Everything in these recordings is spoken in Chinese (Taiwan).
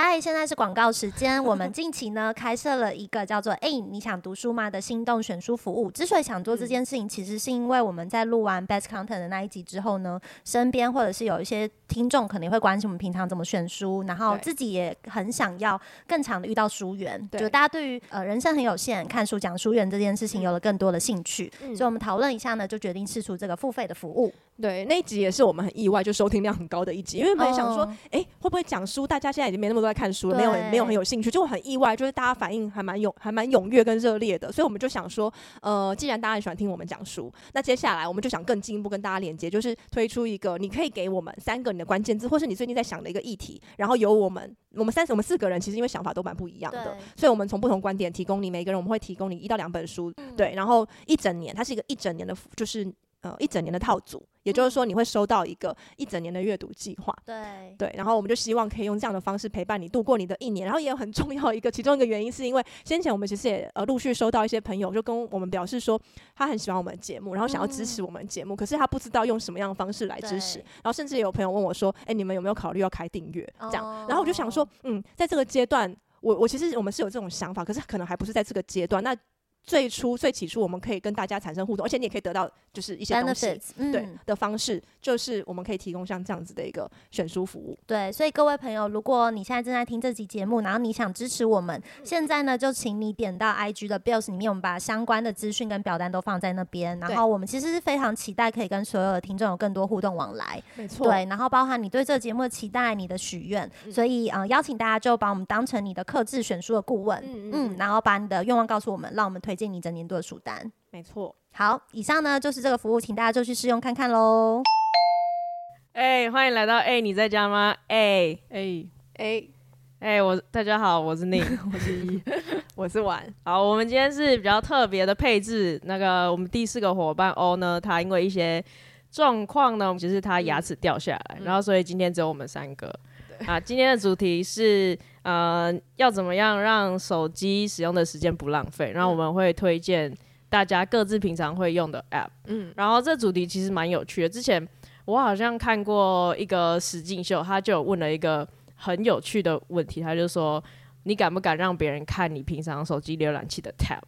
嗨，Hi, 現在是廣告時間。 我們近期呢開設了一個叫做“哎、欸，你想讀書嗎”的心動選書服務。之所以想做這件事情，其實是因為我們在錄完《Best Content》的那一集之後呢，身邊或者是有一些。聽眾肯定會關心我們平常怎麼選書，然後自己也很想要更長的遇到書緣，對就大家對於呃人生很有限，看書講書緣這件事情有了更多的興趣，嗯、所以我們討論一下呢，就決定釋出這個付費的服務。對，那一集也是我們很意外，就收聽量很高的一集，因為本來想說，哎、嗯欸，會不會講書，大家現在已經沒那麼多在看書了，沒有沒有很有興趣，就很意外，就是大家反應還蠻勇，還蠻踴躍跟熱烈的，所以我們就想說，呃，既然大家很喜歡聽我們講書，那接下來我們就想更進一步跟大家連接，就是推出一個，你可以給我們三個。關鍵字或是你最近在想的一個議題，然後由我們，我們三，我們四個人，其實因為想法都蠻不一樣的，對所以我們從不同觀點提供你每個人，我們會提供你一到兩本書，嗯、對，然後一整年，它是一個一整年的，就是。嗯、呃，一整年的套組，也就是說你會收到一個一整年的閱讀計劃。嗯、對。然後我們就希望可以用這樣的方式陪伴你度過你的一年。然後也有很重要一個，其中一個原因是因為先前我們其實也呃陸續收到一些朋友就跟我們表示說他很喜歡我們節目，然後想要支持我們節目，嗯、可是他不知道用什麼樣的方式來支持。對然後甚至有朋友問我說：“哎、欸，你們有沒有考慮要開訂閱？”這樣。哦、然後我就想說，嗯，在這個階段，我我其實我們是有這種想法，可是可能還不是在這個階段。那。最初最起初，我們可以跟大家產生互動，而且你也可以得到就是一些 benefits 嗯對，對的方式，就是我們可以提供像這樣子的一個選書服務。對，所以各位朋友，如果你現在正在聽這期節目，然後你想支持我們，嗯、現在呢，就請你點到 IG 的 bios 裡面，我們把相關的資訊跟表單都放在那邊。然後我們其實是非常期待可以跟所有的聽眾有更多互動往來，沒錯錯。對，然後包含你對這個節目的期待，你的許願，嗯、所以呃邀請大家就把我們當成你的客製選書的顧問，嗯嗯、嗯、嗯，然後把你的願望告訴我們，讓我們推。建你整年度的書單，沒錯錯。好，以上呢就是這個服務，請大家就去試用看看嘍。哎、欸，歡迎來到哎、欸，你在家嗎？哎哎哎哎，我大家好，我是寧， 我是一 我是婉完。 好，我們今天是比較特別的配置，那個我們第四個伙伴歐呢，他因為一些狀況呢，其、就、實、是、他牙齒掉下來，嗯、然後所以今天只有我們三個。 啊，今天的主題是呃，要怎麼樣讓手機使用的時間不浪費？然後我們會推薦大家各自平常會用的 App。嗯，然後這主題其實蠻有趣的。之前我好像看過一個實境秀，他就問了一個很有趣的問題，他就說：“你敢不敢讓別人看你平常手機瀏覽器的 Tab？”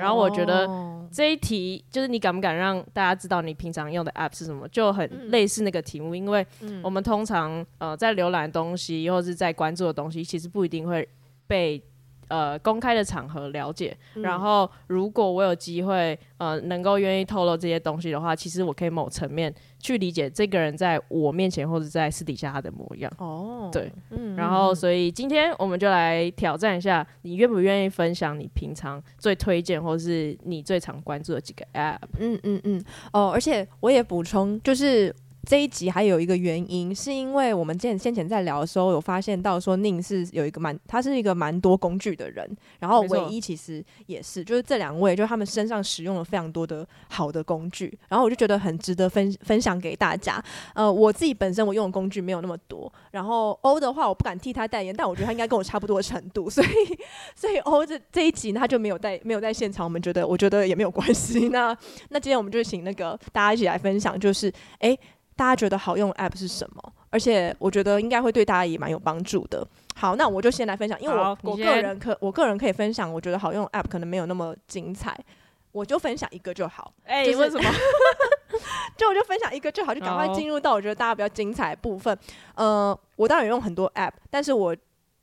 然後我覺得這一題，就是你敢不敢讓大家知道你平常用的 app 是什麼，就很類似那個題目，因為我們通常呃在瀏覽東西或是在關注的東西，其實不一定會被。呃，公開的場合了解，嗯、然後如果我有機會，呃，能夠願意透露這些東西的話，其實我可以某層面去理解這個人在我面前或者在私底下他的模樣。哦，對，嗯，嗯，嗯，然後所以今天我們就來挑戰一下，你願不願意分享你平常最推薦或者是你最常關注的幾個 App？嗯嗯嗯，哦，而且我也補充就是。這一集還有一個原因，是因為我們之先前在聊的時候，有發現到說寧是有一個蠻，他是一個蠻多工具的人，然後唯一其實也是，就是這兩位，就是他們身上使用了非常多的好的工具，然後我就覺得很值得分分享給大家。呃，我自己本身我用的工具沒有那麼多，然後 O 的話，我不敢替他代言，但我覺得他應該跟我差不多的程度，所以所以 O 這這一集他就沒有在沒有在現場，我們覺得我覺得也沒有關係。那那今天我們就請那個大家一起來分享，就是誒、欸。大家覺得好用的 app 是什麼？而且我覺得應該會對大家也蠻有幫助的。好，那我就先來分享，因為我我好個人可先我個人可以分享，我覺得好用的 app 可能沒有那麼精彩，我就分享一個就好。哎、欸，就是，為什麼？ 就我就分享一個就好，就趕快進入到我覺得大家比較精彩的部分。Oh. 呃，我當然有用很多 app，但是我。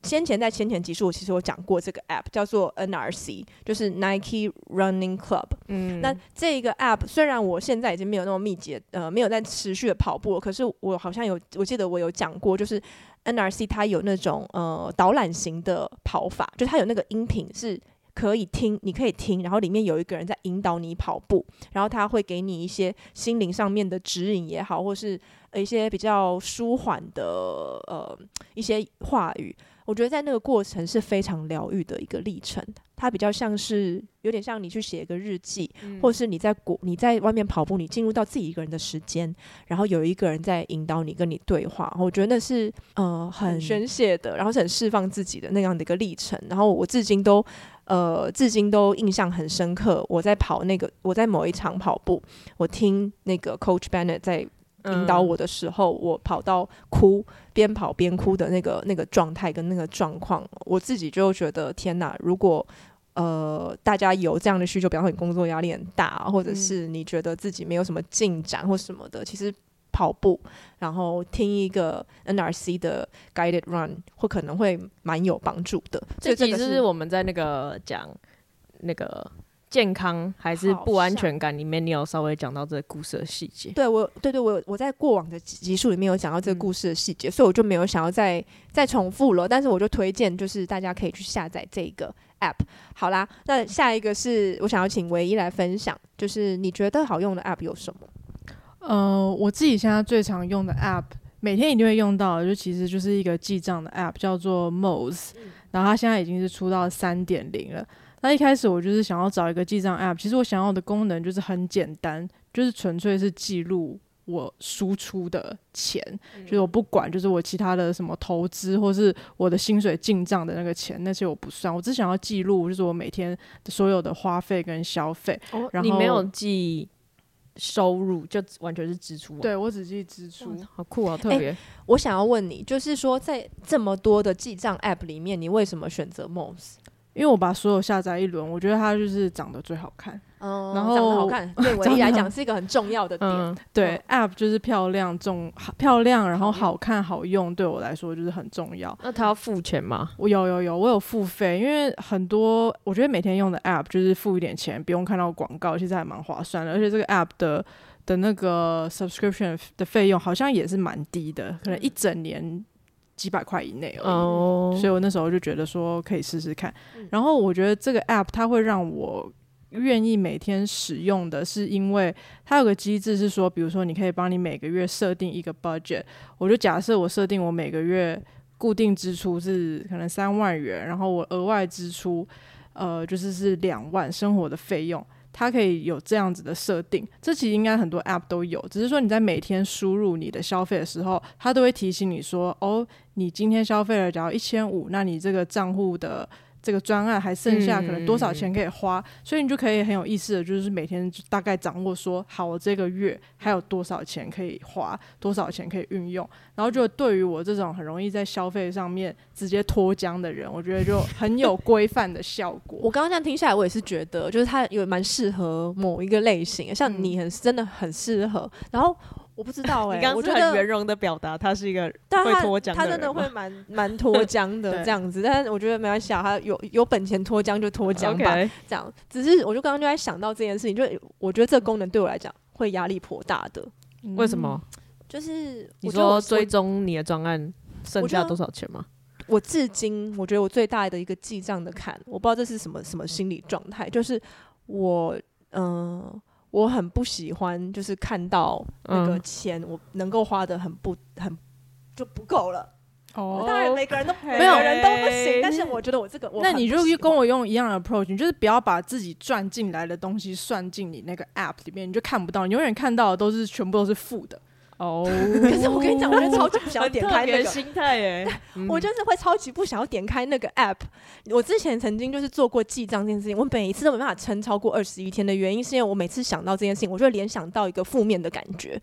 先前在先前集數，其實我講過這個 app 叫做 NRC，就是 Nike Running Club。嗯。那這個 app 雖然我現在已經沒有那麼密集，呃，沒有在持續的跑步，可是我好像有，我記得我有講過，就是 NRC 它有那種呃導覽型的跑法，就它有那個音頻是可以聽，你可以聽，然後裡面有一個人在引導你跑步，然後他會給你一些心靈上面的指引也好，或是呃一些比較舒緩的呃一些話語。我覺得在那個過程是非常療癒的一個歷程，它比較像是有點像你去寫一個日記，嗯、或是你在國你在外面跑步，你進入到自己一個人的時間，然後有一個人在引導你跟你對話。我覺得那是呃很宣泄的，然後是很釋放自己的那樣的一個歷程。然後我至今都呃至今都印象很深刻。我在跑那個，我在某一場跑步，我聽那個 Coach Bennett 在引導我的時候，嗯、我跑到哭。邊跑邊哭的那個那個狀態跟那個狀況，我自己就覺得天哪！如果呃大家有這樣的需求，比方說你工作壓力很大，或者是你覺得自己沒有什麼進展或什麼的，嗯、其實跑步然後聽一個 NRC 的 Guided Run，或可能會蠻有幫助的。這其實是我們在那個講那個。健康還是不安全感？裡面你有稍微講到這個故事的細節。對我，對對，對，我我在過往的集數裡面有講到這個故事的細節，嗯、所以我就沒有想要再再重複了。但是我就推薦，就是大家可以去下載這個 app。好啦，那下一個是我想要請唯一來分享，就是你覺得好用的 app 有什麼？呃，我自己現在最常用的 app，每天一定會用到的，就其實就是一個記賬的 app，叫做 MOZE、嗯、然後它現在已經是出到三點零了。那一開始我就是想要找一個記賬 App，其實我想要的功能就是很簡單，就是純粹是記錄我輸出的錢，嗯、就是我不管，就是我其他的什麼投資或是我的薪水進賬的那個錢，那些我不算，我只想要記錄，就是我每天所有的花費跟消費。你沒有記收入，就完全是支出。哦、對我只記支出，好酷啊，特別。我想要問你，就是說在這麼多的記賬 App 裡面，你為什麼選擇 MOZE？因為我把所有下載一輪，我覺得它就是長得最好看。哦、嗯。然後長得好看，對我來講是一個很重要的點。嗯、對、嗯、app 就是漂亮，重好漂亮，然後好看好用，好用對我來說就是很重要。那它要付錢嗎？我有有有，我有付費，因為很多我覺得每天用的 app 就是付一點錢，不用看到廣告，其實還蠻划算的。而且這個 app 的的那個 subscription 的費用好像也是蠻低的，嗯、可能一整年幾百塊以內哦，oh. 所以我那時候就覺得說可以試試看。然後我覺得這個 app 它會讓我願意每天使用的是，因為它有個機制是說，比如說你可以幫你每個月設定一個 budget。我就假設我設定我每個月固定支出是可能三萬元，然後我額外支出呃就是是兩萬生活的費用。它可以有這樣子的設定，這其實應該很多 app 都有，只是說你在每天輸入你的消費的時候，它都會提醒你說，哦，你今天消費了只要一千五，那你這個賬戶的。這個專案還剩下可能多少錢可以花，嗯，所以你就可以很有意思的，就是每天大概掌握說，好，我這個月還有多少錢可以花，多少錢可以運用，然後就對於我這種很容易在消費上面直接脫韁的人，我覺得就很有規範的效果。 我剛剛這樣聽下來，我也是覺得，就是它有蠻適合某一個類型，像你很真的很適合，然後。我不知道哎、欸，我覺得圓融的表達，他是一個會脫韁的，會，但他他真的會蠻蠻脫韁的這樣子， 對但是我覺得沒關係啊，他有有本錢脫韁就脫韁吧，Okay. 這樣。只是我就剛剛就在想到這件事情，就我覺得這個功能對我來講會壓力頗大的。為什麼？就是說，你說追蹤你的專案剩下多少錢嗎？我至今我覺得我最大的一個記賬的坎，我不知道這是什麼什麼心理狀態，就是我嗯。呃我很不喜歡，就是看到那個錢我能夠花得很不很就不夠了。哦，oh, okay. 當然每個人都沒有，人都不行，但是我覺得我這個我不喜歡……那你就跟我用一樣的 approach，你就是不要把自己賺進來的東西算進你那個 app 裡面，你就看不到，你永遠看到的都是全部都是負的。哦，oh、 可是我跟你講，我就超級不想要點開那個 心態、欸、 我就是會超級不想要點開那個 app、嗯。我之前曾經就是做過記賬這件事情，我每一次都沒辦法撐超過二十一天的原因，是因為我每次想到這件事情，我就會聯想到一個負面的感覺。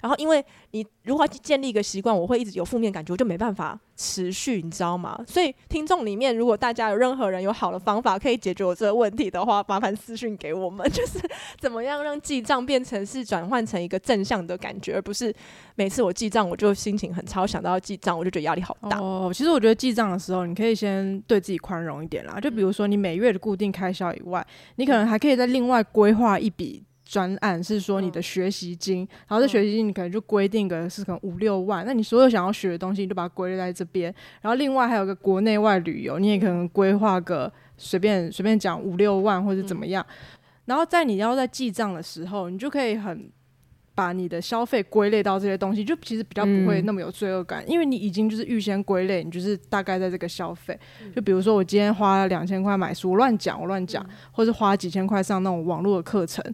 然後，因為你如何去建立一個習慣，我會一直有負面感覺，我就沒辦法持續，你知道嗎？所以，聽眾裡面，如果大家有任何人有好的方法可以解決我這個問題的話，麻煩私訊給我們，就是怎麼樣讓記賬變成是轉換成一個正向的感覺，而不是每次我記賬我就心情很差，想到要記賬我就覺得壓力好大。哦，其實我覺得記賬的時候，你可以先對自己寬容一點啦。就比如說，你每月的固定開銷以外，你可能還可以再另外規劃一筆。專案是說你的學習金，哦、然後這學習金你可能就規定個是可能五六萬，哦、那你所有想要學的東西你都把它歸類在這邊，然後另外還有個國內外旅遊，你也可能規劃個隨便隨便講五六萬或者怎麼樣，嗯、然後在你要在記賬的時候，你就可以很把你的消費歸類到這些東西，就其實比較不會那麼有罪惡感，嗯、因為你已經就是預先歸類，你就是大概在這個消費，嗯、就比如說我今天花了兩千塊買書，我亂講我亂講，嗯、或是花幾千塊上那種網絡的課程。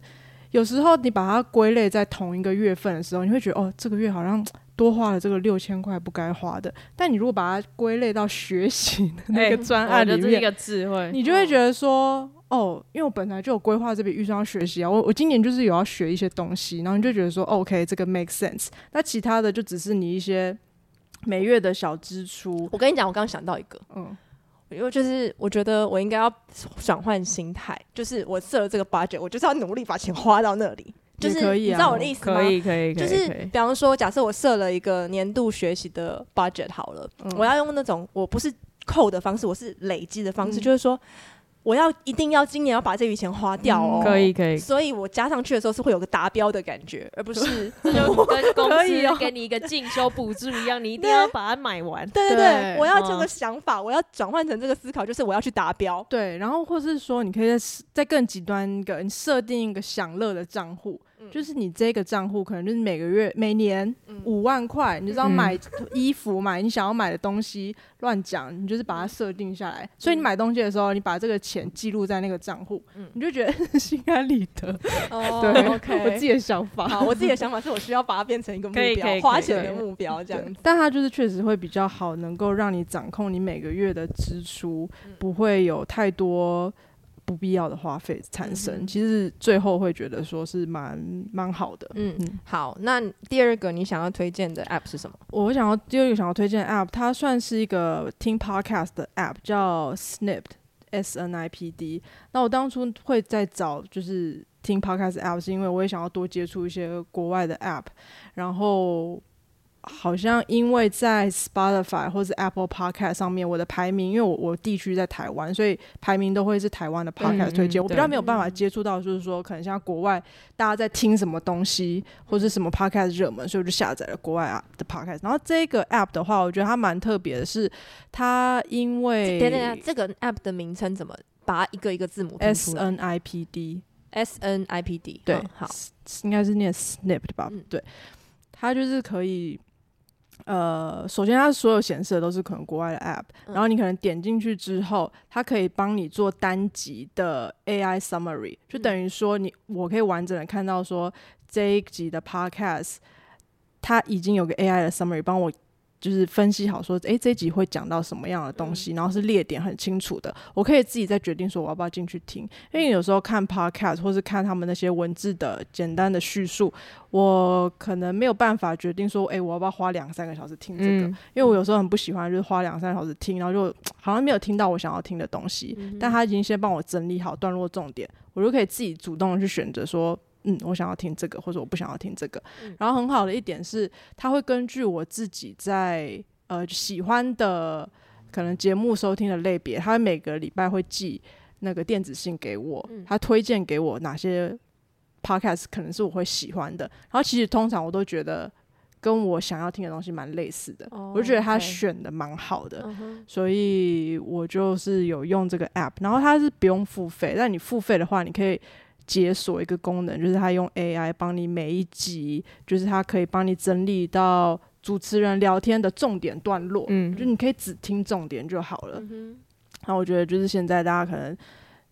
有時候你把它歸類在同一個月份的時候，你會覺得哦，這個月好像多花了這個六千塊不該花的。但你如果把它歸類到學習那個專案的這、欸哦、就是一個智慧，你就會覺得說哦，哦，因為我本來就有規劃這筆預算要學習啊，我我今年就是有要學一些東西，然後你就覺得說 OK，這個 make sense。那其他的就只是你一些每月的小支出。我跟你講，我剛剛想到一個，嗯。因為就是我覺得我應該要轉換心態，就是我設了這個 budget，我就是要努力把錢花到那裡。就是可以啊，你知道我的意思嗎？可以，可以，就是比方說，假設我設了一個年度學習的 budget 好了，嗯，我要用那種我不是扣的方式，我是累積的方式，嗯，就是說。我要一定要今年要把這筆錢花掉哦！可以、嗯、可以，可以，所以我加上去的時候是會有個達標的感覺，而不是 就跟公司要給你一個進修補助一樣， 對你一定要把它買完。對對對，對我要這個想法，嗯、我要轉換成這個思考，就是我要去達標。對，然後或者是說，你可以在在更極端一個，你設定一個享樂的賬戶。就是你這個賬戶可能就是每個月，每年五萬塊，嗯、你就知道買衣服、 買你想要買的東西，亂講，你就是把它設定下來。所以你買東西的時候，你把這個錢記錄在那個賬戶嗯、你就覺得心安理得。哦、對，okay 我自己的想法，我自己的想法是我需要把它變成一個目標，花錢的目標這樣子。但它就是確實會比較好，能夠讓你掌控你每個月的支出，嗯、不會有太多。不必要的花費產生，嗯、哼其實最後會覺得說是蠻蠻好的。嗯，嗯好，那第二個你想要推薦的 app 是什麼？我想要第二個想要推薦的 app，它算是一個聽 podcast 的 app，叫 Snipd（S-N-I-P-D）。那我當初會在找就是聽 podcast app，是因為我也想要多接觸一些國外的 app，然後。好像因為在 Spotify 或是 Apple Podcast 上面，我的排名，因為我我地區在台灣，所以排名都會是台灣的 Podcast 推薦。嗯嗯，我比較沒有辦法接觸到，就是說可能像國外大家在聽什麼東西或是什麼 Podcast 熱門，所以我就下載了國外啊的 Podcast。然後這個 App 的話，我覺得它蠻特別的，是它因為等等啊，這個 App 的名稱怎麼把它一個一個字母 S N I P D S N I P D、哦、對，好，應該是念 Snipped 吧？對，它、嗯、就是可以，呃，首先，它所有顯示的都是可能國外的 app，、嗯、然後你可能點進去之後，它可以幫你做單集的 AI summary，就等於說你、嗯、我可以完整的看到說這一集的 podcast，它已經有個 AI 的 summary 幫我。就是分析好說，誒、欸、這一集會講到什麼樣的東西，嗯、然後是列點很清楚的，我可以自己再決定說我要不要進去聽。因為有時候看 podcast 或是看他們那些文字的簡單的敘述，我可能沒有辦法決定說，誒、欸、我要不要花兩三個小時聽這個？嗯、因為我有時候很不喜歡就是花兩三個小時聽，然後就好像沒有聽到我想要聽的東西。但他已經先幫我整理好段落重點，我就可以自己主動去選擇說。嗯，我想要聽這個，或者我不想要聽這個。嗯、然後很好的一點是，他會根據我自己在呃喜歡的可能節目收聽的類別，他每個禮拜會寄那個電子信給我，嗯、他推薦給我哪些 podcast 可能是我會喜歡的。然後其實通常我都覺得跟我想要聽的東西蠻類似的，oh, okay. 我就覺得他選的蠻好的，uh-huh. 所以我就是有用這個 app。然後它是不用付費，但你付費的話，你可以。解鎖一個功能，就是他用 AI 幫你每一集，就是他可以幫你整理到主持人聊天的重點段落，嗯、就你可以只聽重點就好了。那、嗯哼啊、我覺得就是現在大家可能。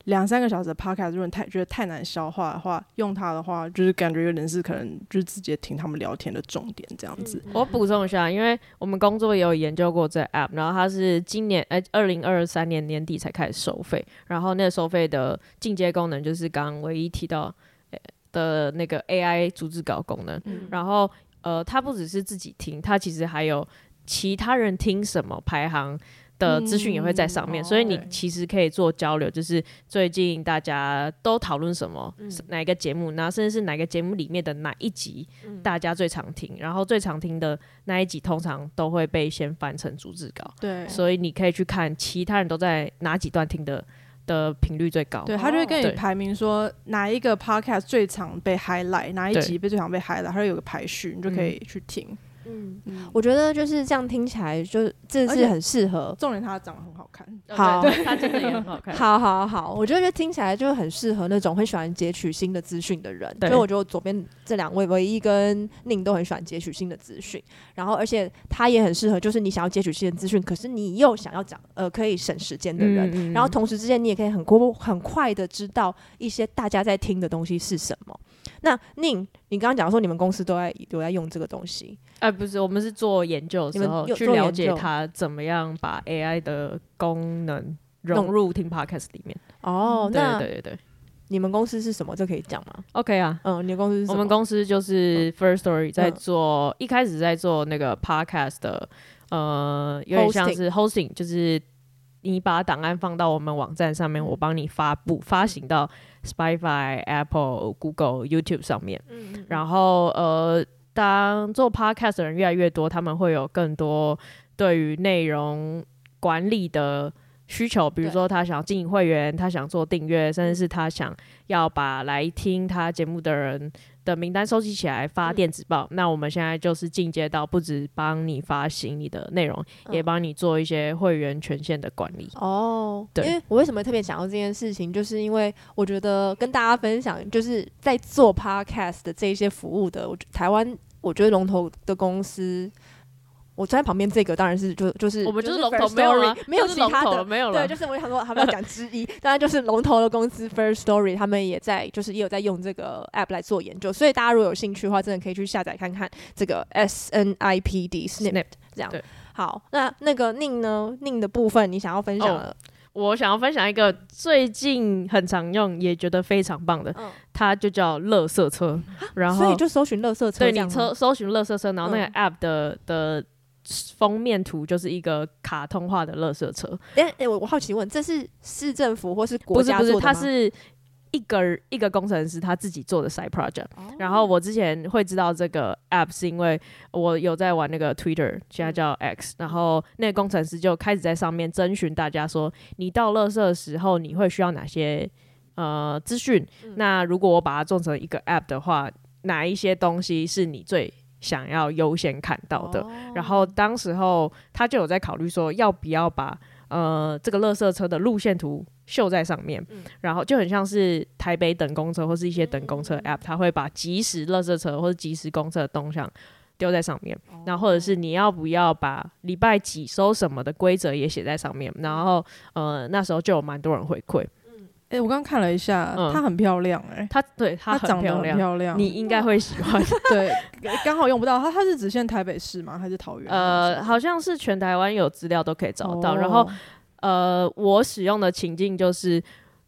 兩三個小時的 podcast 如果你太覺得太難消化的話，用它的話，就是感覺有點是可能就直接聽他們聊天的重點這樣子。我補充一下，因為我們工作也有研究過這個 app，然後它是今年呃二零二三年年底才開始收費，然後那個收費的進階功能就是剛剛唯一提到的的那個 AI 逐字稿功能，然後呃，它不只是自己聽，它其實還有。其他人聽什麼排行的資訊也會在上面，嗯哦、所以你其實可以做交流，就是最近大家都討論什麼，嗯、哪一個節目，然後甚至是哪個節目裡面的哪一集，大家最常聽，嗯、然後最常聽的那一集通常都會被先翻成逐字稿。對，所以你可以去看其他人都在哪幾段聽的的頻率最高。對，他就會跟你排名說、哦、對哪一個 podcast 最常被 highlight，哪一集被最常被 highlight，它對有一個排序，你就可以去聽。嗯嗯，嗯，我覺得就是這樣，聽起來就這是很適合，重點，他長得很好看。好，Oh, 他真的也很好看。 好，好，好，我覺得聽起來就是很適合那種很喜歡截取新的資訊的人。所以對我覺得我左邊這兩位，唯一跟寧都很喜歡截取新的資訊。然後，而且他也很適合，就是你想要截取新的資訊，可是你又想要講呃可以省時間的人。嗯嗯嗯然後同時之間，你也可以很過很快的知道一些大家在聽的東西是什麼。那寧，你剛剛講說你們公司都在都在用這個東西，哎、呃，不是，我們是做研究的時候去了解它怎麼樣把 AI 的功能融入聽 podcast 裡面。哦，對對對對。你們公司是什麼？這可以講嗎？OK 啊，嗯，你們公司是什麼？我們公司就是 First Story 在做，嗯、一開始在做那個 podcast 的，嗯、呃，有點像是 hosting，就是。你把檔案放到我們網站上面，我幫你發布、發行到 Spotify、Apple、Google、YouTube 上面。嗯、然後，呃，當做 Podcast 的人越來越多，他們會有更多對於內容管理的。需求，比如說他想要經營會員，對他想做訂閱，甚至是他想要把來聽他節目的人的名單收集起來發電子報。嗯、那我們現在就是進階到不只幫你發行你的內容，嗯、也幫你做一些會員權限的管理。哦，對，因為我為什麼特別想要這件事情，就是因為我覺得跟大家分享，就是在做 Podcast 的這一些服務的，我台灣我覺得龍頭的公司，我坐在旁邊，這個當然是就就是我們就是龍頭，沒有其他的，沒有了。對，就是我想說，還沒有講之一，當然就是龍頭的公司 Firstory，他們也在，就是也有在用這個 App 來做研究。所以大家如果有興趣的話，真的可以去下載看看這個 S N I P D Snipd 這樣。好，那那個寧呢？寧的部分你想要分享？我想要分享一個最近很常用，也覺得非常棒的，它就叫“垃圾車”。然後所以就搜尋“垃圾車”，對你車搜尋“垃圾車”，然後那個 App 的的。封面圖就是一個卡通化的垃圾車。哎哎、欸，我、欸、我好奇問，這是市政府或是國家做的嗎？不是不是，他是一個一個工程師他自己做的 side project。哦、然後我之前會知道這個 app 是因為我有在玩那個 Twitter，現在叫 X、嗯。然後那個工程師就開始在上面徵詢大家說，你到垃圾的時候你會需要哪些呃資訊？嗯、那如果我把它做成一個 app 的話，哪一些東西是你最？想要優先看到的，oh. 然後當時候他就有在考慮說，要不要把呃這個垃圾車的路線圖秀在上面，嗯、然後就很像是台北等公車或是一些等公車 app，嗯、他會把即時垃圾車或者即時公車的動向丟在上面，oh. 然後或者是你要不要把禮拜幾收什麼的規則也寫在上面，然後呃那時候就有蠻多人回饋。哎、欸，我剛看了一下，她，嗯、很漂亮哎、欸，她。對，她長得漂亮，很漂亮你應該會喜歡，嗯。 對，剛好用不到。他他是只限台北市嗎？還是桃園？呃，好像是全台灣有資料都可以找到。哦、然後，呃，我使用的情境就是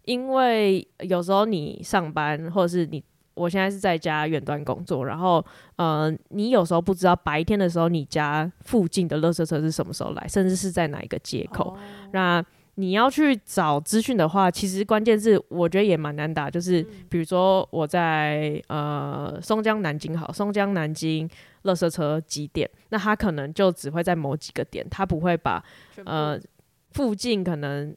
因為有時候你上班，或者是你，我現在是在家遠端工作。然後，呃，你有時候不知道白天的時候你家附近的垃圾車是什麼時候來，甚至是在哪一個街口。哦、那你要去找資訊的話，其實關鍵是我覺得也蠻難打，就是比如說我在、嗯、呃松江南京好，松江南京垃圾車幾點？那他可能就只會在某幾個點，他不會把全部 呃附近可能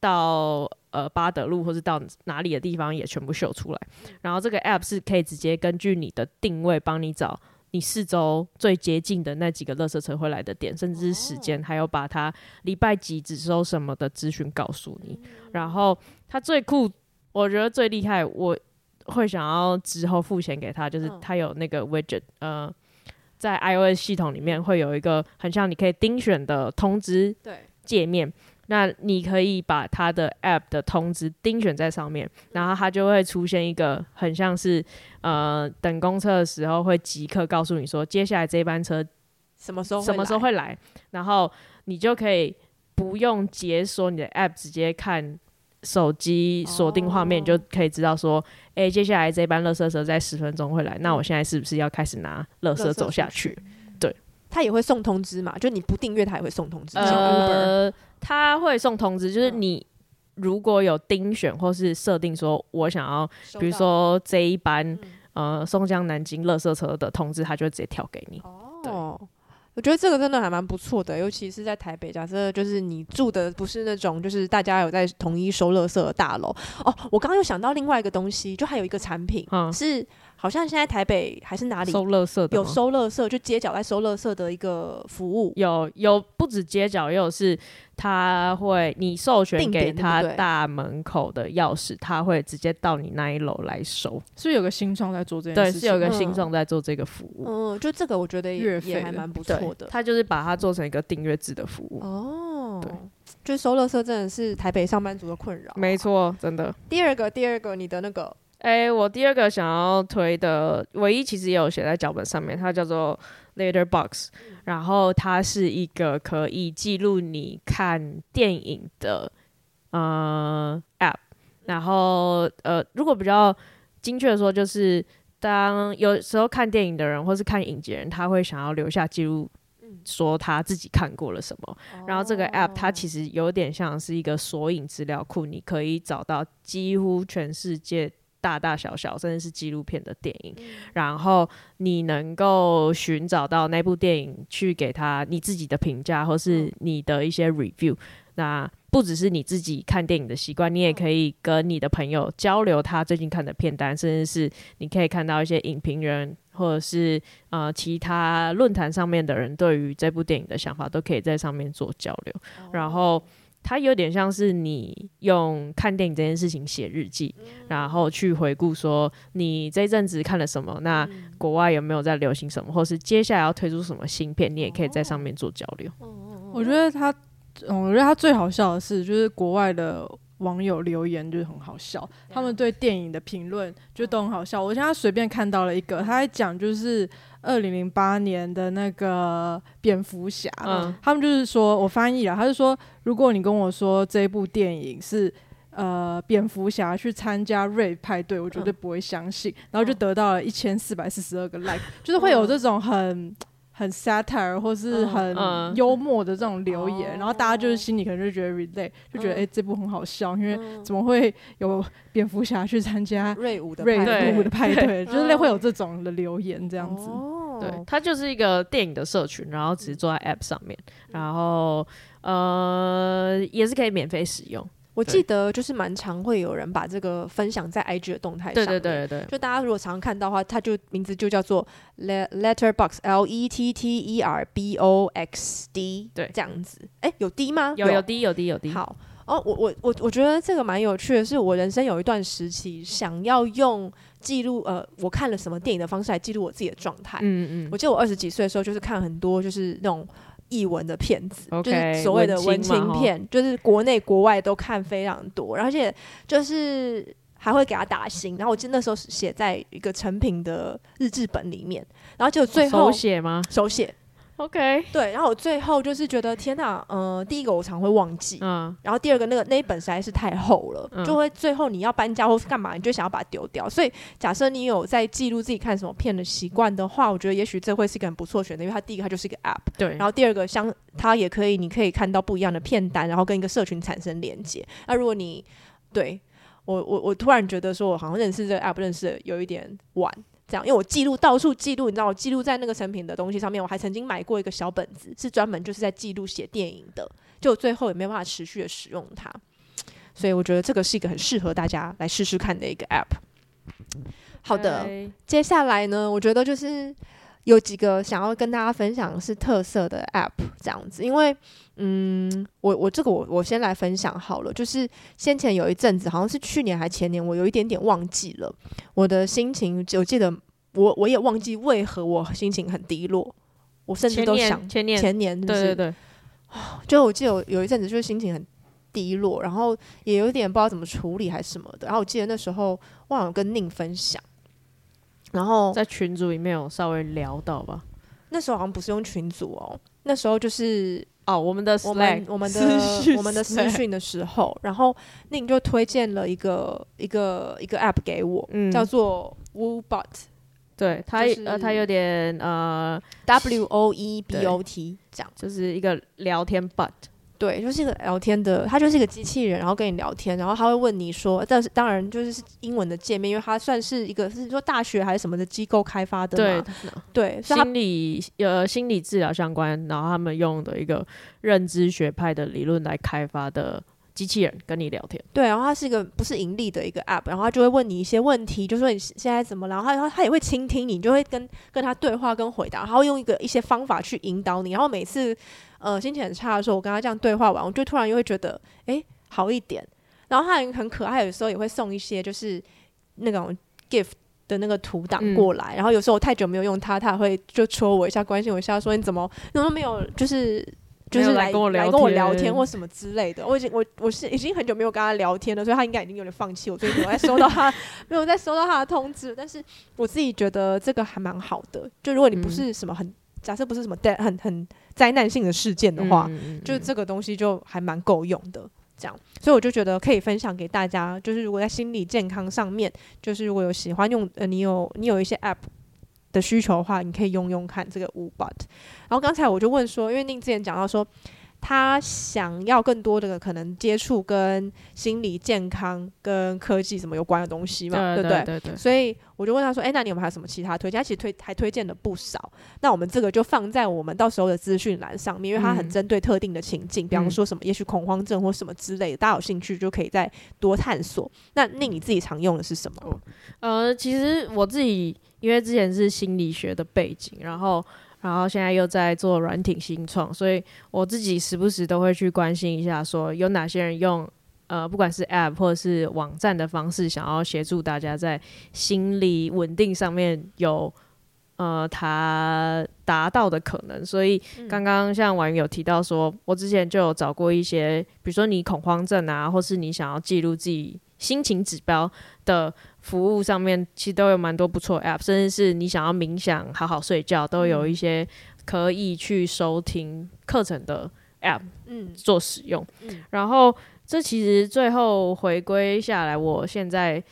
到呃八德路或是到哪裡的地方也全部秀出來。然後這個 app 是可以直接根據你的定位幫你找。你四周最接近的那幾個垃圾車會來的點，甚至是時間，哦、還有把它禮拜幾只收什麼的資訊告訴你。嗯、然後他最酷，我覺得最厲害，我會想要之後付錢給他，就是他有那個 widget，、哦、呃，在 iOS 系統裡面會有一個很像你可以釘選的通知界面。對嗯那你可以把它的 app 的通知釘選在上面，然後它就會出現一個很像是，呃，等公車的時候會即刻告訴你說，接下來這班車什麼時候什麼時候會來，會來然後你就可以不用解鎖你的 app，直接看手機鎖定畫面，哦、就可以知道說，誒、欸、接下來這班垃圾車在十分鐘會來，那我現在是不是要開始拿垃圾走下去？他也會送通知嘛？就你不訂閱，他也會送通知。呃，他會送通知，就是你如果有訂選或是設定說，我想要，到比如說這一班、嗯、呃松江南京垃圾車的通知，他就會直接跳給你。哦，對我覺得這個真的還蠻不錯的，尤其是在台北。假設就是你住的不是那種就是大家有在統一收垃圾的大樓。哦，我剛剛又想到另外一個東西，就還有一個產品、嗯、是。好像現在台北還是哪裡收垃圾的有收垃圾，垃圾就街角在收垃圾的一個服務有有不止街角，也有是他會你授權給他大門口的鑰匙，哦、對對他會直接到你那一樓來收。是有個新創在做這件事情，對，是有個新創在做這個服務。嗯，嗯，就這個我覺得也也還蠻不錯的。他就是把它做成一個訂閱制的服務。哦，對，就收垃圾真的是台北上班族的困擾、啊，沒錯，真的、嗯。第二個，第二個，你的那個。誒、欸，我第二個想要推的，唯一其實也有寫在腳本上面，它叫做 Letterboxd、嗯、然後它是一個可以記錄你看電影的呃 App，然後呃，如果比較精確的說，就是當有時候看電影的人或是看影集人，他會想要留下記錄，嗯、說他自己看過了什麼，然後這個 App、哦、它其實有點像是一個索引資料庫，你可以找到幾乎全世界。大大小小，甚至是紀錄片的電影，嗯、然後你能夠尋找到那部電影，去給他你自己的評價，或是你的一些 review。嗯、那不只是你自己看電影的習慣，你也可以跟你的朋友交流他最近看的片單，嗯、甚至是你可以看到一些影評人，或者是呃其他論壇上面的人對於這部電影的想法，都可以在上面做交流。哦、然後。它有點像是你用看電影這件事情寫日記，嗯、然後去回顧說你這一陣子看了什麼，那國外有沒有在流行什麼，嗯、或是接下來要推出什麼新片，你也可以在上面做交流。我覺得它，我覺得它最好笑的是，就是國外的。網友留言就是很好笑，Yeah. 他們對電影的評論就都很好笑。我現在隨便看到了一個，他在講就是二零零八年的那個蝙蝠俠、uh.，他們就是說我翻譯了，他就說如果你跟我說這部電影是呃蝙蝠俠去參加 Rave 派對，我絕對不會相信，uh. 然後就得到了一千四百四十二個 like，、uh. 就是會有這種很。很 satire 或是很幽默的這種留言，嗯嗯、然後大家就是心裡可能就覺得 relate，、嗯、就覺得誒、欸、這部很好笑，嗯、因為怎麼會有蝙蝠俠去參加瑞舞的瑞舞的派對？對對，就是會有這種的留言這樣子。對，它就是一個電影的社群，然後只是坐在 App 上面，然後呃也是可以免費使用。我記得就是蠻常會有人把這個分享在 IG 的動態上面對,對對對對，就大家如果常看到的話，他就名字就叫做 Letterbox L E T T E R B O X D，對，這樣子，哎、欸，有 D 嗎？有有,有, D, 有 D 有 D 有 D。好，哦，我我我我覺得這個蠻有趣的，是我人生有一段時期想要用記錄呃我看了什麼電影的方式來記錄我自己的狀態，嗯嗯，我記得我二十幾歲的時候就是看很多就是那種。藝文的片子，okay, 就是所謂的文青片，青就是國內國外都看非常多，而且就是還會給他打星。然後我記得那時候是寫在一個成品的日誌本裡面，然後就最後、哦、手寫嗎？手寫。OK，對，然後我最後就是覺得天哪，呃，第一個我常會忘記，嗯，然後第二個那個那一本實在是太厚了，嗯，就會最後你要搬家或是幹嘛，你就想要把它丟掉。所以假設你有在記錄自己看什麼片的習慣的話，我覺得也許這會是一個很不錯的選擇，因為它第一個它就是一個 App，對，然後第二個像它也可以，你可以看到不一樣的片單，然後跟一個社群產生連接。那如果你對我我我突然覺得說我好像認識這個 App，認識得有一點晚。這樣，因為我記錄，到處記錄，你知道，我記錄在那個成品的東西上面，我還曾經買過一個小本子，是專門就是在記錄寫電影的，就最後也沒有辦法持續的使用它，所以我覺得這個是一個很適合大家來試試看的一個 App。好的，Okay. 接下來呢，我覺得就是。有幾個想要跟大家分享的是特色的 App 這樣子，因為嗯，我我這個我我先來分享好了，就是先前有一陣子好像是去年還前年，我有一點點忘記了我的心情，我記得我我也忘記為何我心情很低落，我甚至都想前年前年，前年、就是、對對對、哦，就我記得有有一陣子就是心情很低落，然後也有一點不知道怎麼處理還是什麼的，然後我記得那時候忘了跟寧分享。然後在群組裡面有稍微聊到吧，那時候好像不是用群組哦，那時候就是我哦我們的 Slack，我們我們的私訊 我們的私訊的時候，私訊 然後那你就推薦了一個一個一個 App 給我，嗯，叫做 Woebot，對，它，就是、呃它有點呃 W O E B O T 對這樣，就是一個聊天 bot。對，就是一個聊天的，他就是一個機器人，然後跟你聊天，然後他會問你說，但是當然就是是英文的界面，因為他算是一個，是說大學還是什麼的機構開發的嘛？對，心理呃，心理治療相關，然後他們用的一個認知學派的理論來開發的機器人跟你聊天。對，然後他是一個不是盈利的一個 app，然後他就會問你一些問題，就是說你現在怎麼了，然後他也會傾聽你，你就會跟跟他對話跟回答，然後他會用一個一些方法去引導你，然後每次。呃，心情很差的時候，我跟他這樣對話完，我就突然又會覺得，哎、欸，好一點。然後他很可愛，有時候也會送一些就是那種 gift 的那個圖檔過來。嗯、然後有時候我太久沒有用他，他也會就戳我一下，關心我一下，說你怎麼，那麼沒有、就是，就是就是來跟我聊來跟我聊天或什麼之類的。我已經我我是已經很久沒有跟他聊天了，所以他應該已經有點放棄我，所以沒有再收到他 沒有再收到他的通知。但是我自己覺得這個還蠻好的，就如果你不是什麼很。嗯假設不是什麼很很災難性的事件的話，嗯嗯嗯嗯，就這個東西就還蠻夠用的，這樣，所以我就覺得可以分享給大家。就是如果在心理健康上面，就是如果有喜歡用，呃，你有你有一些 App 的需求的話，你可以用用看這個 Woebot。然後剛才我就問說，因為你之前講到說，他想要更多的可能接觸跟心理健康跟科技什麼有關的東西嘛，對不對？對、對、對。所以我就問他說：“哎、欸，那你有沒有什麼其他推薦？他其實推還推薦的不少。那我們這個就放在我們到時候的資訊欄上面，因為它很針對特定的情境，嗯、比方說什麼，也許恐慌症或什麼之類的，嗯、大家有興趣就可以再多探索。那那你自己常用的是什麼？嗯、呃，其實我自己因為之前是心理學的背景，然後。然後現在又在做軟體新創，所以我自己時不時都會去關心一下，說有哪些人用呃，不管是 App 或是網站的方式，想要協助大家在心理穩定上面有呃，他達到的可能。所以剛剛像網友提到說，我之前就有找過一些，比如說你恐慌症啊，或是你想要記錄自己。心情指標的服務上面，其實都有蠻多不錯 App，甚至是你想要冥想、好好睡覺，都有一些可以去收聽課程的 App，嗯，做使用。嗯，然後這其實最後回歸下來，我現在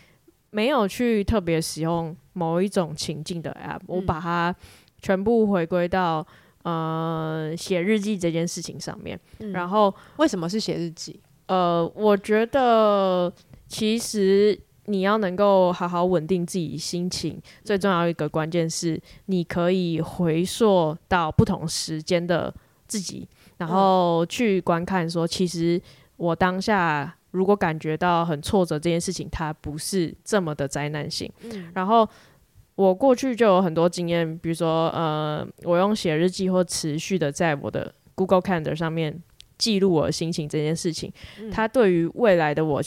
沒有去特別使用某一種情境的 App，嗯，我把它全部回歸到呃寫日記這件事情上面。嗯，然後為什麼是寫日記？呃，我覺得。其實你要能夠好好穩定自己心情，嗯、最重要一個關鍵是，你可以回溯到不同時間的自己，哦、然後去觀看說，其實我當下如果感覺到很挫折，這件事情它不是這麼的災難性。嗯、然後我過去就有很多經驗，比如說呃，我用寫日記或持續的在我的 Google Calendar 上面記錄我心情這件事情，嗯、它對於未來的我。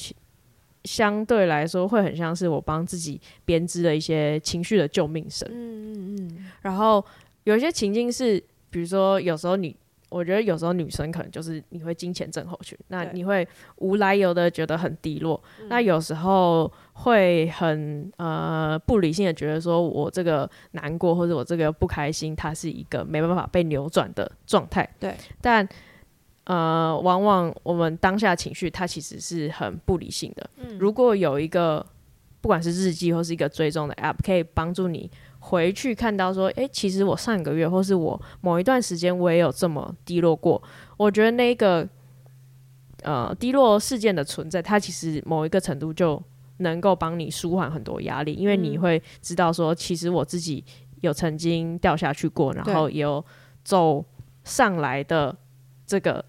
相對來說，會很像是我幫自己編織的一些情緒的救命繩、嗯。嗯嗯嗯。然後有一些情境是，比如說有時候你，我覺得有時候女生可能就是你會經前症候群，對那你會無來由的覺得很低落。嗯、那有時候會很呃不理性的覺得說我這個難過，或者我這個不開心，它是一個沒辦法被扭轉的狀態。對，但。呃，往往我們當下情緒它其實是很不理性的。嗯、如果有一個，不管是日記或是一個追蹤的 App，可以幫助你回去看到說，哎，其實我上個月或是我某一段時間我也有這麼低落過。我覺得那個呃低落事件的存在，它其實某一個程度就能夠幫你舒緩很多壓力，因為你會知道說，嗯、其實我自己有曾經掉下去過，然後也有走上來的這個。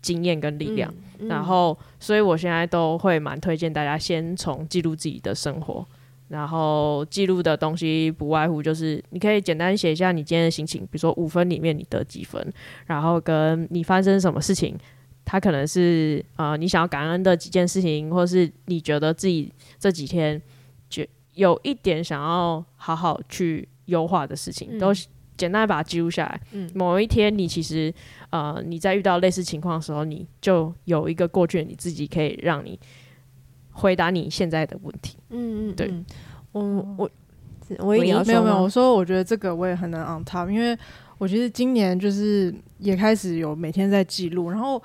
經驗跟力量，嗯嗯、然後，所以我現在都會蠻推薦大家先從記錄自己的生活，然後記錄的東西不外乎就是，你可以簡單寫一下你今天的心情，比如說五分裡面你得幾分，然後跟你發生什麼事情，它可能是啊、呃、你想要感恩的幾件事情，或是你覺得自己這幾天覺有一點想要好好去優化的事情，嗯、都簡單的把它記錄下來。嗯，某一天你其實，呃，你在遇到類似情況的時候，你就有一個過去你自己，可以讓你回答你現在的問題。嗯，嗯嗯，對，我我我也，我也沒有沒有，我說我覺得這個我也很難 on top，因為我覺得今年就是也開始有每天在記錄，然後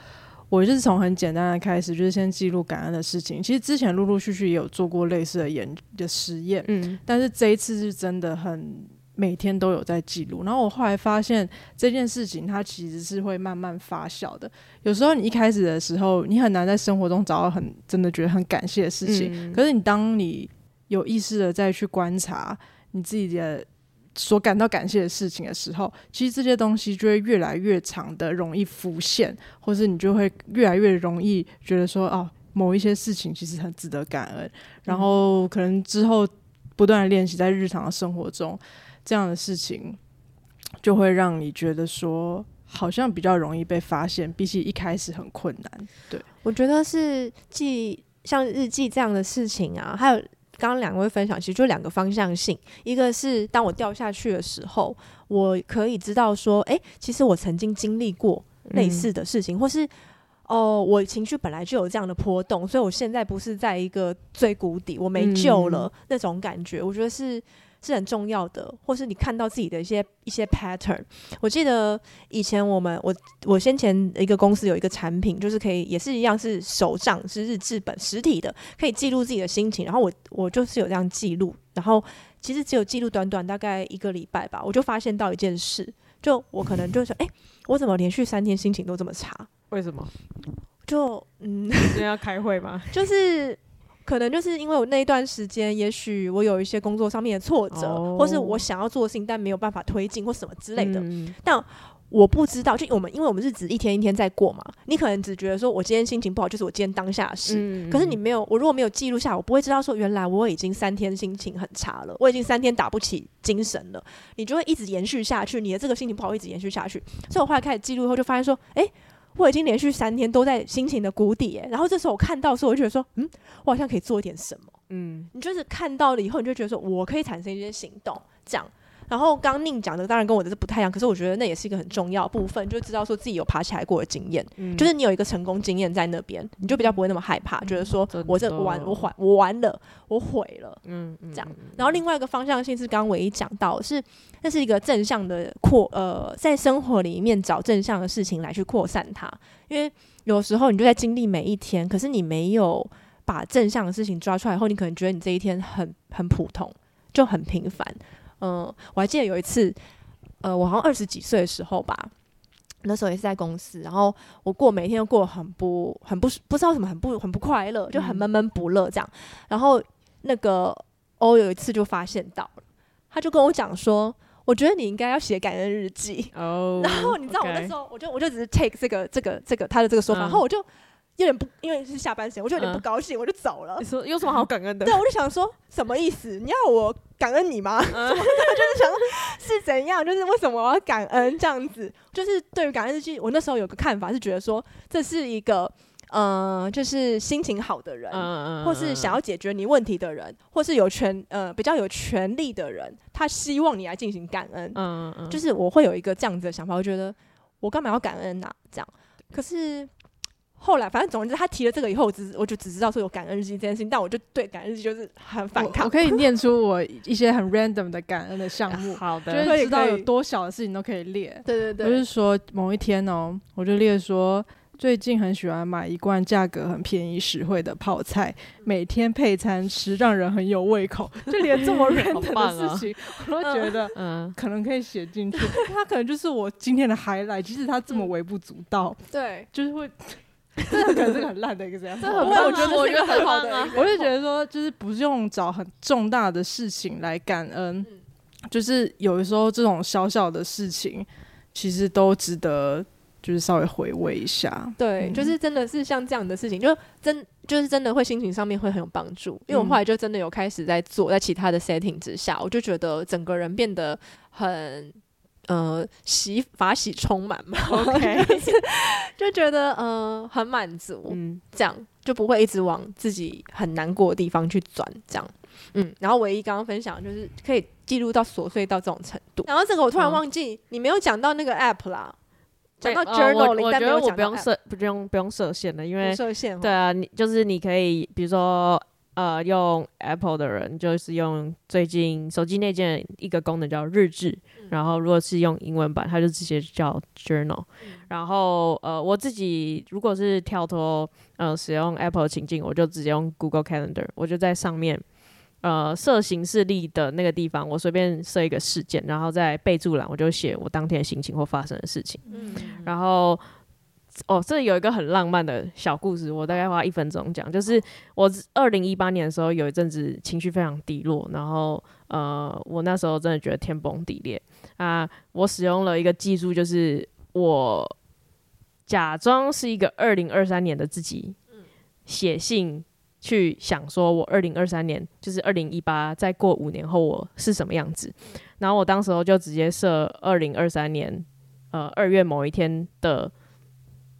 我就是從很簡單的開始，就是先記錄感恩的事情。其實之前陸陸續續也有做過類似的研的實驗，嗯，但是這一次是真的很。每天都有在記錄，然後我後來發現這件事情，它其實是會慢慢發酵的。有時候你一開始的時候，你很難在生活中找到很真的覺得很感謝的事情。嗯、可是你當你有意識的再去觀察你自己的所感到感謝的事情的時候，其實這些東西就會越來越常的容易浮現，或是你就會越來越容易覺得說，哦、啊，某一些事情其實很值得感恩。然後可能之後不斷的練習，在日常的生活中，這樣的事情就會讓你覺得說，好像比較容易被發現，比起一開始很困難。對。我覺得是記像日記這樣的事情啊，還有剛剛兩位分享，其實就兩個方向性，一個是當我掉下去的時候，我可以知道說，哎、欸，其實我曾經經歷過類似的事情，嗯、或是哦、呃，我情緒本來就有這樣的波動，所以我現在不是在一個最谷底，我沒救了、嗯、那種感覺。我覺得是。是很重要的，或是你看到自己的一些一些 pattern。我記得以前我們，我我先前一個公司有一個產品，就是可以也是一樣是手賬，是日誌本，實體的，可以記錄自己的心情。然後我我就是有這樣記錄，然後其實只有記錄短短短大概一個禮拜吧，我就發現到一件事，就我可能就說，哎、欸，我怎麼連續三天心情都這麼差？為什麼？就嗯，要開會嗎？就是。可能就是因為我那一段時間，也許我有一些工作上面的挫折，或是我想要做的事情但沒有辦法推進或什麼之類的。但我不知道，就我們因為我們日子一天一天在過嘛，你可能只覺得說我今天心情不好，就是我今天當下事。可是你沒有，我如果沒有記錄下，我不會知道說原來我已經三天心情很差了，我已經三天打不起精神了。你就會一直延續下去，你的這個心情不好一直延續下去。所以我後來開始記錄以後，就發現說，誒。我已經連續三天都在心情的谷底，欸，然後這時候我看到的時候，我就覺得說，嗯，我好像可以做一點什麼，嗯，你就是看到了以後，你就覺得說我可以產生一些行動，這樣。然後剛寧講的當然跟我的是不太一樣，可是我覺得那也是一個很重要部分，就是、知道說自己有爬起來過的經驗，嗯、就是你有一個成功經驗在那邊，你就比較不會那麼害怕，嗯、覺得說的我這我完我緩，我完了我毀了，嗯，這樣。然後另外一個方向性是剛唯一講到的是那是一個正向的擴，呃，在生活裡面找正向的事情來去擴散它，因為有時候你就在經歷每一天，可是你沒有把正向的事情抓出來以後，你可能覺得你這一天很很普通，就很平凡。嗯，我還記得有一次，呃，我好像二十幾歲的時候吧，那時候也是在公司，然後我過每一天都過得很不很不不知道什麼很不很不快樂，就很悶悶不樂這樣。然後那個歐、哦、有一次就發現到了，他就跟我講說：“我覺得你應該要寫感恩日記。”哦，然後你知道我那時候我就, okay. 我就，我就只是 take 這個這個這個他的這個說法，uh. 然後我就。有點不，因為是下班時間，我就有點不高興，嗯、我就走了。你說有什麼好感恩的？對，我就想說，什麼意思？你要我感恩你嗎？嗯、就是想說是怎樣，就是為什麼我要感恩這樣子？就是對於感恩日記，我那時候有個看法是覺得說，這是一個嗯、呃，就是心情好的人，或是想要解決你問題的人，或是有權呃比較有權利的人，他希望你來進行感恩，嗯，嗯嗯，就是我會有一個這樣子的想法，我覺得我幹嘛要感恩呢、啊？這樣對可是。後來，反正總之，他提了這個以後，我只我就只知道說有感恩日記這件事情，但我就對感恩日記就是很反抗。我，我可以念出我一些很 random 的感恩的項目，啊、就會知道有多小的事情都可以列。對對對。就是說某一天哦、喔，我就列說最近很喜歡買一罐價格很便宜實惠的泡菜，嗯、每天配餐吃，讓人很有胃口。就連這麼 random 的事情， 好啊、我都覺得嗯，可能可以寫進去。他、嗯、可能就是我今天的 highlight，即使他這麼微不足道。嗯、對，就是會。這個可是很爛的一個這樣子，我覺得一個 我覺得很好的。我就覺得說，就是不是用找很重大的事情來感恩，嗯，就是有的時候這種小小的事情，其實都值得，就是稍微回味一下。對，嗯，就是真的是像這樣的事情，就真就是真的會心情上面會很有幫助。因為我後來就真的有開始在做，在其他的 setting 之下，我就覺得整個人變得很。呃，洗法洗充滿嘛，OK， 就覺得呃很滿足，嗯，這樣就不會一直往自己很難過的地方去轉，這樣，嗯，然後唯一剛剛分享就是可以記錄到瑣碎到這種程度，然後這個我突然忘記、嗯、你沒有講到那個 App 啦，講、嗯、到 Journaling，、嗯、我，我覺得我不用設，不用不用設限了，因為設限，不限了對啊，你就是你可以比如說。呃，用 Apple 的人就是用最近手機內建一個功能叫日誌，嗯、然後如果是用英文版，它就直接叫 Journal。嗯、然後呃，我自己如果是跳脫呃使用 Apple 的情境，我就直接用 Google Calendar，我就在上面呃設行事曆的那個地方，我隨便設一個事件，然後在備注欄我就寫我當天的心情或發生的事情，嗯，嗯，嗯，然後。哦，這裡有一個很浪漫的小故事，我大概花一分鐘講。就是我二零一八年的時候，有一陣子情緒非常低落，然後呃，我那時候真的覺得天崩地裂啊。我使用了一個技術，就是我假裝是一個二零二三年的自己，寫信去想說，我二零二三年，就是二零一八再過五年後，我是什麼樣子。然後我當時候就直接設二零二三年，呃，二月某一天的。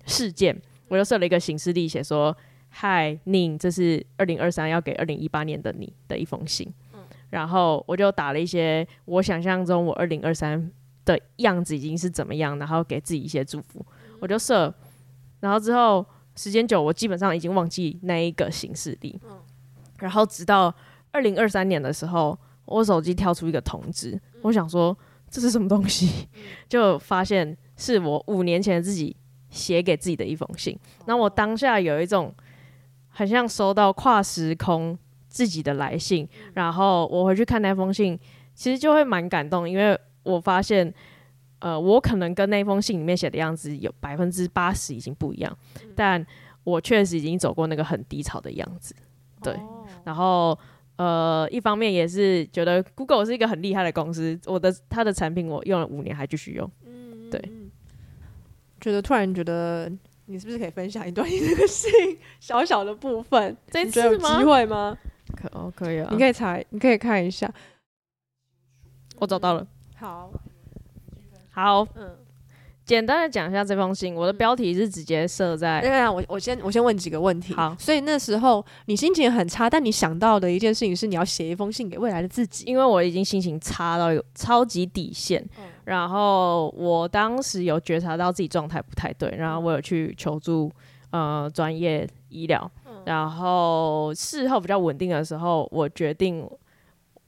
事件，我就設了一個行事曆，寫說、嗯、嗨寧。這是二零二三要給二零一八年的你的一封信。嗯，然後我就打了一些我想象中我二零二三的樣子已經是怎麼樣，然後給自己一些祝福。嗯，我就設，然後之後時間久，我基本上已經忘記那一個行事曆。嗯、然後直到二零二三年的時候，我手機跳出一個通知，嗯、我想說這是什麼東西，嗯、就發現是我五年前自己。寫給自己的一封信，那我當下有一種很像收到跨時空自己的來信，然後我回去看那封信，其實就會蠻感動，因為我發現，呃，我可能跟那封信裡面寫的樣子有百分之八十已經不一樣，但我確實已經走過那個很低潮的樣子，對。然後，呃，一方面也是覺得 Google 是一個很厲害的公司，我的他的產品我用了五年還繼續用，對。覺得突然覺得你是不是可以分享一段你這個信小小的部分？這次有機會嗎？可哦可以啊，你可以查，你可以看一下，嗯、我找到了。好，好，嗯，簡單的講一下這封信，我的標題是直接設在。那、嗯、我我先我先問幾個問題。好，所以那時候你心情很差，但你想到的一件事情是你要寫一封信給未來的自己，因為我已經心情差到有超級底線。嗯然後我當時有覺察到自己狀態不太對，然後我有去求助呃專業醫療。然後事後比較穩定的時候，我決定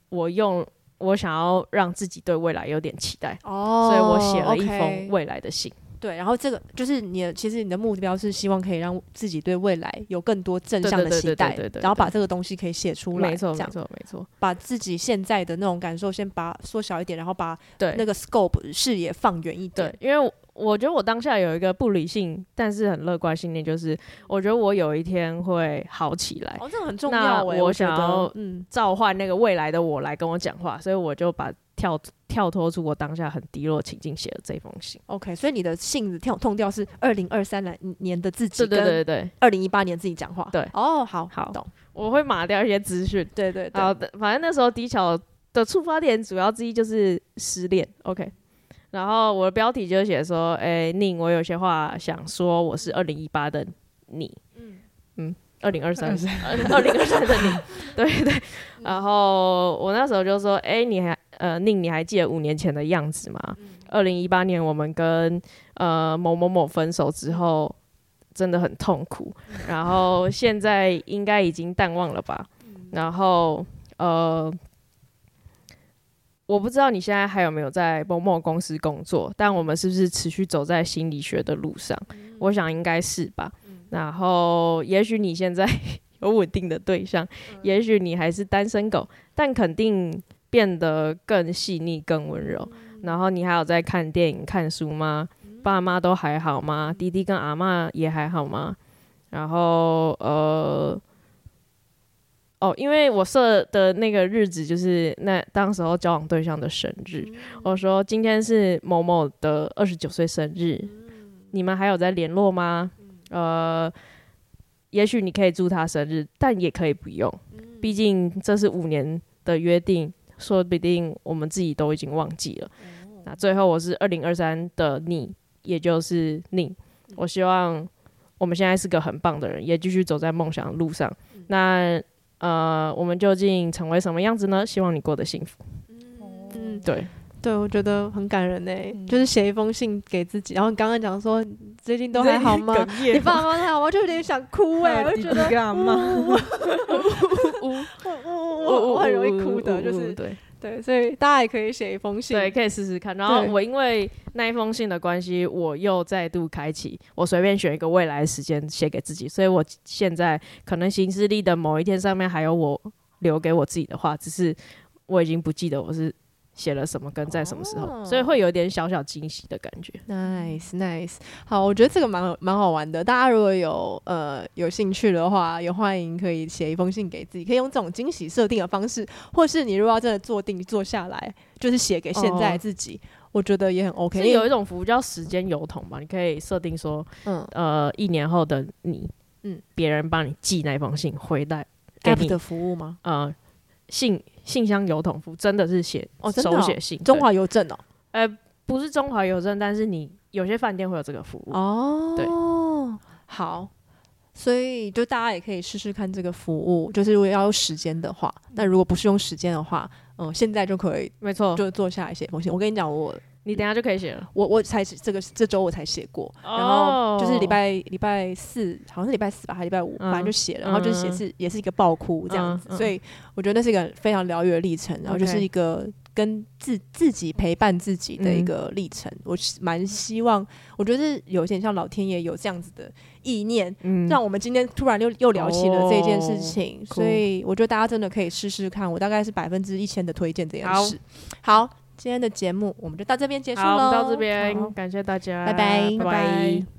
我用我想要讓自己對未來有點期待，oh, 所以我寫了一封未來的信。Okay. 對，然後這個就是你，其實你的目標是希望可以讓自己對未來有更多正向的期待，然後把這個東西可以寫出來，沒錯，這樣沒錯，沒錯，沒錯。把自己現在的那種感受，先把縮小一點，然後把對那個 scope 視野放遠一點，對。因為我覺得我當下有一個不理性但是很樂觀信念，就是我覺得我有一天會好起來。哦，這很重要欸。那我想要召喚、嗯、那個未來的我來跟我講話，所以我就把。跳跳脫出我當下很低落情境寫的這一封信，OK，所以你的信子跳痛掉是二零二三年年的自己 ,2018 的自己對對對二零一八年自己講話，對，哦、oh, 好，好好懂，我會碼掉一些資訊，對,對對，好的，反正那時候低潮的觸發點主要之一就是失戀，OK，然後我的標題就是寫說，哎、欸，寧，我有些話想說，我是二零一八的你，嗯嗯。嗯二零二三，二零二三的你， 對對。然後我那時候就說：“哎，你還呃，你你還記得五年前的樣子嗎？二零一八年我們跟呃某某某分手之後，真的很痛苦。然後現在應該已經淡忘了吧？ 然後呃，我不知道你現在還有沒有在某某公司工作，但我們是不是持續走在心理學的路上？ 我想應該是吧。”然後，也許你現在有穩定的對象，也許你還是單身狗，但肯定變得更細膩、更溫柔。然後，你還有在看電影、看書嗎？爸媽都還好嗎？弟弟跟阿嬤也還好嗎？然後，呃，哦，因為我設的那個日子就是那當時候交往對象的生日，我說今天是某某的二十九歲生日。你們還有在聯絡嗎？呃，也許你可以祝他生日，但也可以不用，畢、嗯、竟這是五年的約定，說不定我們自己都已經忘記了。哦、那最後我是二零二三的你，也就是你，嗯、我希望我們現在是個很棒的人，也繼續走在夢想的路上。嗯、那呃，我們究竟成為什麼樣子呢？希望你過得幸福。嗯、哦，對。對，我覺得很感人呢、欸。嗯、就是寫一封信給自己，然後你剛剛講說最近都還好嗎？你爸媽還好嗎？我就有點想哭誒、欸， 哎、呦我就覺得。我我我我我我很容易哭的，就是對對，所以大家也可以寫一封信，對，可以試試看。然後我因為那一封信的關係，我又再度開啟，對我隨便選一個未來的時間寫給自己，所以我現在可能行事曆的某一天上面還有我留給我自己的話，只是我已經不記得我是。寫了什麼跟在什麼時候，哦、所以會有點小小驚喜的感覺。Nice，nice nice。好，我覺得這個蠻蠻好玩的。大家如果有呃有興趣的話，也歡迎可以寫一封信給自己，可以用這種驚喜設定的方式，或是你如果要真的坐定坐下來，就是寫給現在自己，哦、我覺得也很 OK。有一種服務叫時間郵筒嘛，你可以設定說，嗯呃，一年後的你，嗯，別人幫你寄那封信回來給你。App 的服務嗎？嗯、呃、信。信箱、郵筒服務真的是寫哦，真的哦，手寫信。中華郵政哦，呃，不是中華郵政，但是你有些飯店會有這個服務哦。對，好，所以就大家也可以試試看這個服務。就是如果要有時間的話，那如果不是用時間的話，嗯、呃，現在就可以，沒錯，就做下一些東西。我跟你講，我。你等下就可以寫了。我我才這個這週我才寫過，然後就是禮拜禮拜四，好像是禮拜四吧，還是禮拜五，反正、嗯、就寫了，然後就寫是，是嗯嗯也是一個爆哭這樣子，嗯嗯所以我覺得那是一個非常療癒的歷程，然後就是一個跟自自己陪伴自己的一個歷程。嗯、我蠻希望，我覺得是有點像老天爺有這樣子的意念，嗯、讓我們今天突然又又聊起了這件事情，哦、所以我覺得大家真的可以試試看，我大概是百分之一千的推薦這件事，好。好今天的節目我們就到這邊結束嘍，到這邊好感謝大家，拜拜拜拜。拜拜拜拜